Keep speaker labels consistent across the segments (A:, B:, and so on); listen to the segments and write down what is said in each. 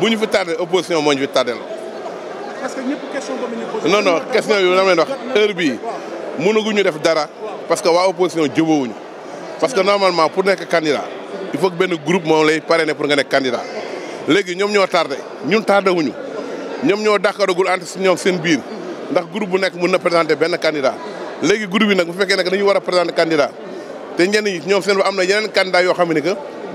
A: bu ñu fi tardé opposition moo ñu fi tardé
B: parce que ñëpp question boobu ñu
A: posé non non question yu la may wax def dara parce que waa opposition jubóowuñu parce que normalement pour nekk candidat il faut benn groupe moom lay parrainé pour nga nekk candidat léegi ñoom ñoo tardé ñun tardé wuñu ñoom ñoo dàqaragul si ñoom seen biir ndax groupe bu nekk mun na présenté benn candidat léegi groupe yi nag bu fekkee ne dañu war a présenté candidat te ñenn ñi ñoom seen bi am na yeneen candidat yoo xam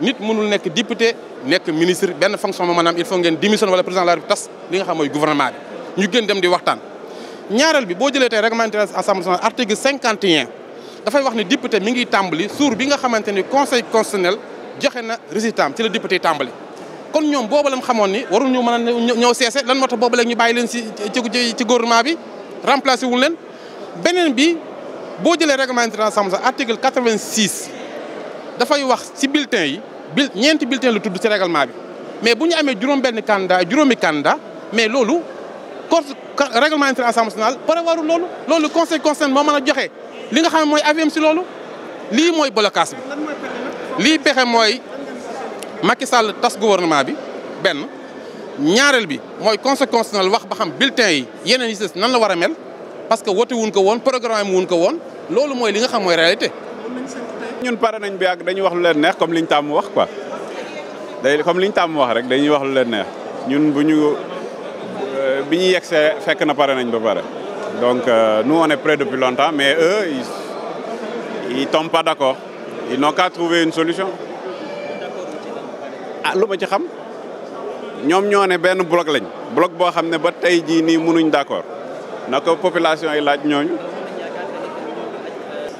B: nit mënul nek député nek ministre ben fonction moom maanaam il faut ngeen démission wala président de la République tas li nga xam moy gouvernement bi ñu gën dem di waxtaan. ñaaral bi bo jëlé tey réglementaire assemblée nationale article 51 da fay wax ni député mi ngi tambali sour bi nga xamante conseil constitutionnel joxé na résultat ci le député tambali kon ñom boobu la xamone ni waru ñu mëna ñow ñëw lan moo tax boobu léegi ñu bàyyi leen ci ci gouvernement bi remplacer wul leen benen bi boo jëlee réglementaire assemblée article 86 dafay wax ci bulletin yi bil ñeenti bulletin lu tudd ci règlement bi mais bu ñu amee juróom-benn candidat juróomi candidat mais loolu corps règlement intérieur assemblée nationale prévoirul loolu. loolu conseil constitutionnel moo joxe li nga xam ne mooy avis ci loolu lii mooy blocage bi lii pexe mooy Macky Sall tas gouvernement bi benn ñaareel bi mooy conseil constitutionnel wax ba xam bulletin yi yeneen yi des nan la war a mel parce que wote
C: wuñ ko woon programme wuñ ko woon loolu mooy li nga xam mooy réalité. ñun paré nañ bi ak dañuy wax lu leen neex comme liñ tam wax quoi day comme liñ tam wax rek dañuy wax lu leen neex ñun buñu biñu euh, bi fekk na paré nañ ba paré donc euh, nous on est prêts depuis longtemps mais eux ils ils tombent pas d'accord ils n'ont qu'à trouver une solution ah lu ma ci xam ñom ñoo ne benn bloc lañ bloc bo xamné ba tay ji ni mënuñ d'accord nako population yi laaj ñooñu.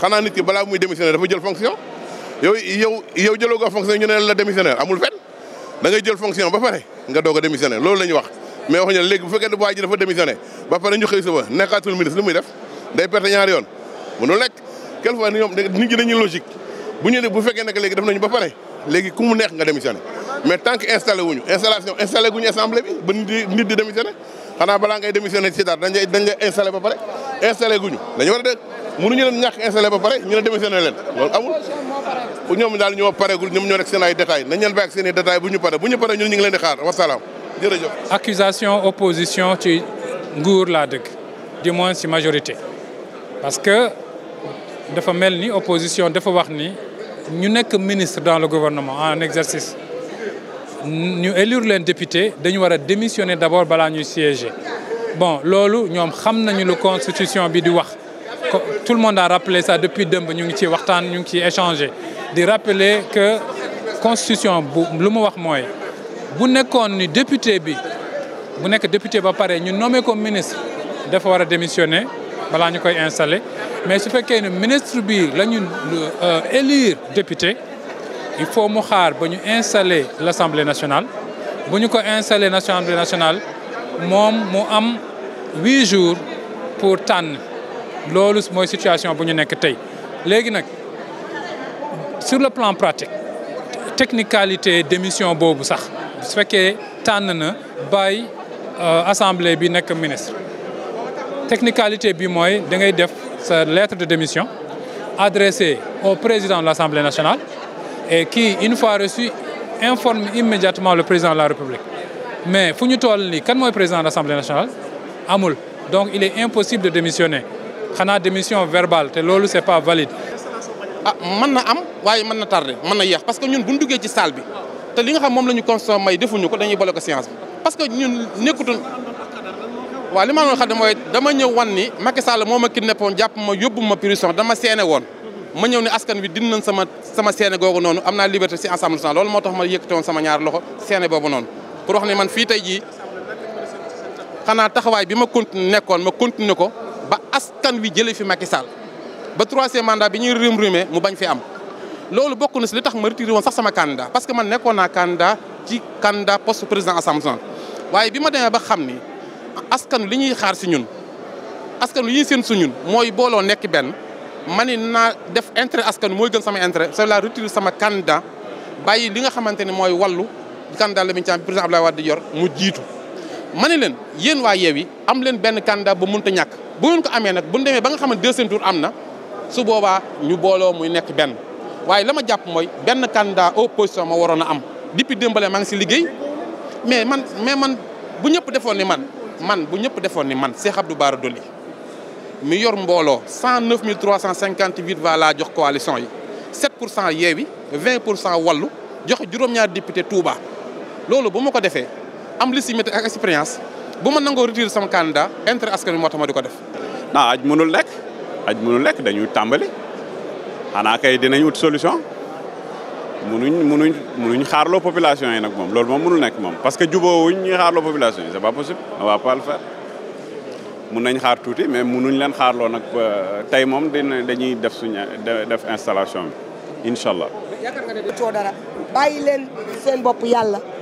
A: xanaa nit ki balaa muy démissionnaire dafa jël fonction yow yow yow jëloo ko fonction ñu ne la démissionnaire amul fenn da ngay jël fonction ba nga doog a démissionnaire loolu la wax. mais wax ñu léegi bu fekkee ne waa ji dafa démissionné ba ñu nekkaatul ministre lu muy def day perte ñaari yoon mënul nekk quelque fois ñoom nit bu ñu fekkee nekk léegi def nañu ba pare léegi ku mu nga démissionné mais tant que installé wuñu installation installé guñu assemblée bi ba nit di nit di démissionné xanaa balaa ngay démissionné ba pare installé mënuñu leen ñàkk installé ba pare ñu ne démissionné leen loolu amul ñoom daal ñoo paregul ñoom ñoo rek seen ay détails nañ leen ak seen i détails bu ñu pare bu pare ñun ñu ngi leen di xaar wasalaam
D: jërëjëf. accusation opposition ci nguur la dëgg du moins ci majorité parce que dafa mel ni opposition dafa wax ni ñu nekk ministre dans le gouvernement en exercice ñu élire leen député dañu war a démissionner d'abord balaa ñuy siéger bon loolu ñoom xam nañu lu constitution bi di wax tout le monde a rappelé ça depuis dëmb ñu ngi ci nous ñu ngi De échanger rappeler que constitution bu lu mu wax mooy bu nekkoon député bi bu nekk député ba pare ñu nommé comme ministre dafa faut démissionner balaa ñu installer mais su que ne ministre bi la ñu euh, élire député il faut mu xaar installer l'Assemblée nationale Si ñu ko installer l'Assemblée nationale nous mu am huit jours pour tànn c'est mooy situation bu ñu nekk tey sur le plan pratique technicalité démission boobu sax su fekkee tànn na bàyyi euh, assemblée bi nekk ministre technicalité bi mooy da ngay def lettre de démission adressée au président de l'Assemblée nationale et qui une fois reçue, informe immédiatement le président de la République mais fu nous toll nii kan mooy président de l'Assemblée nationale amul donc il est impossible de démissionner xanaa démission verbale té lolu c'est pas valide. ah man na am waye man na tardé man na yex parce que ñun buñ duggé
B: ci salle bi té li nga xam mom lañu ñu may defuñu ko dañuy bloquer séance bi parce que ñun nekkutun wa li ma doon xam ne dama ñëw wan ni Macky Sall moma kidnappone kidnappé woon ma yóbbu ma prison dama séné won ma ñëw ni askan wi din nañ sama sama séné gogo nonu amna liberté ci Assemblée nationale lolu moo tax ma yëkkati won sama ñaar loxo séné bobu non pour wax ne man fi tay ji xanaa taxaway bi ma continué ma continué ko ba askan wi jëlee fi Macky Sall ba troisième mandat bi ñuy rum rumé mu bañ fi am. lolu bokku na ci li tax ma retiré won sax sama candidat parce que man nekkoon naa candidat ci candidat poste président assemblée waaye bi ma demee ba xamni askan li ñuy xaar ci ñun askan yi seen su ñun moy booloo nekk benn ma ni def intérêt askan moy gën sama intérêt c'est la retiré sama candidat bayyi li nga xamanteni moy mooy candidat Lamine Thiam bi président Abdoulaye Wade yor mu jitu ma ne leen yéen waa Yewwi am leen benn candidat bu mënta ñàkk bu ngeen ko amee nag bu ñu demee ba nga xam ne deuxième tour am na su boobaa ñu booloo muy nekk benn waaye lama jàpp mooy benn candidat opposition ma waroon a am depuis démbale maa ngi si liggéey mais man mais man bu ñëpp defoon ni man man bu ñëpp defoon ni man Cheikh Abdou Bara Dolly mi yor mbooloo cinquante 358 voix laa jox coalition yi 7 pour cent Yewwi 20 pour cent Wallu joxe juróom-ñaar député Touba loolu bu ma ko defee. am légitimité ak expérience
C: bu ma nangoo retirer sama candidat intérêt askan wi moo tax ko def. non aj mënul nekk aj mënul nekk dañuy tàmbali xanaa kay dinañ wut solution munuñ munuñ munuñ xaarloo population yi nag moom loolu moom mënul nekk moom parce que jubóowuñ ñuy xaarloo population yi c'est pas possible on pas le faire mun nañ xaar tuuti mais munuñ leen xaarloo nag tey moom dina dañuy def suñu def installation bi incha allah.
B: leen seen bopp yàlla.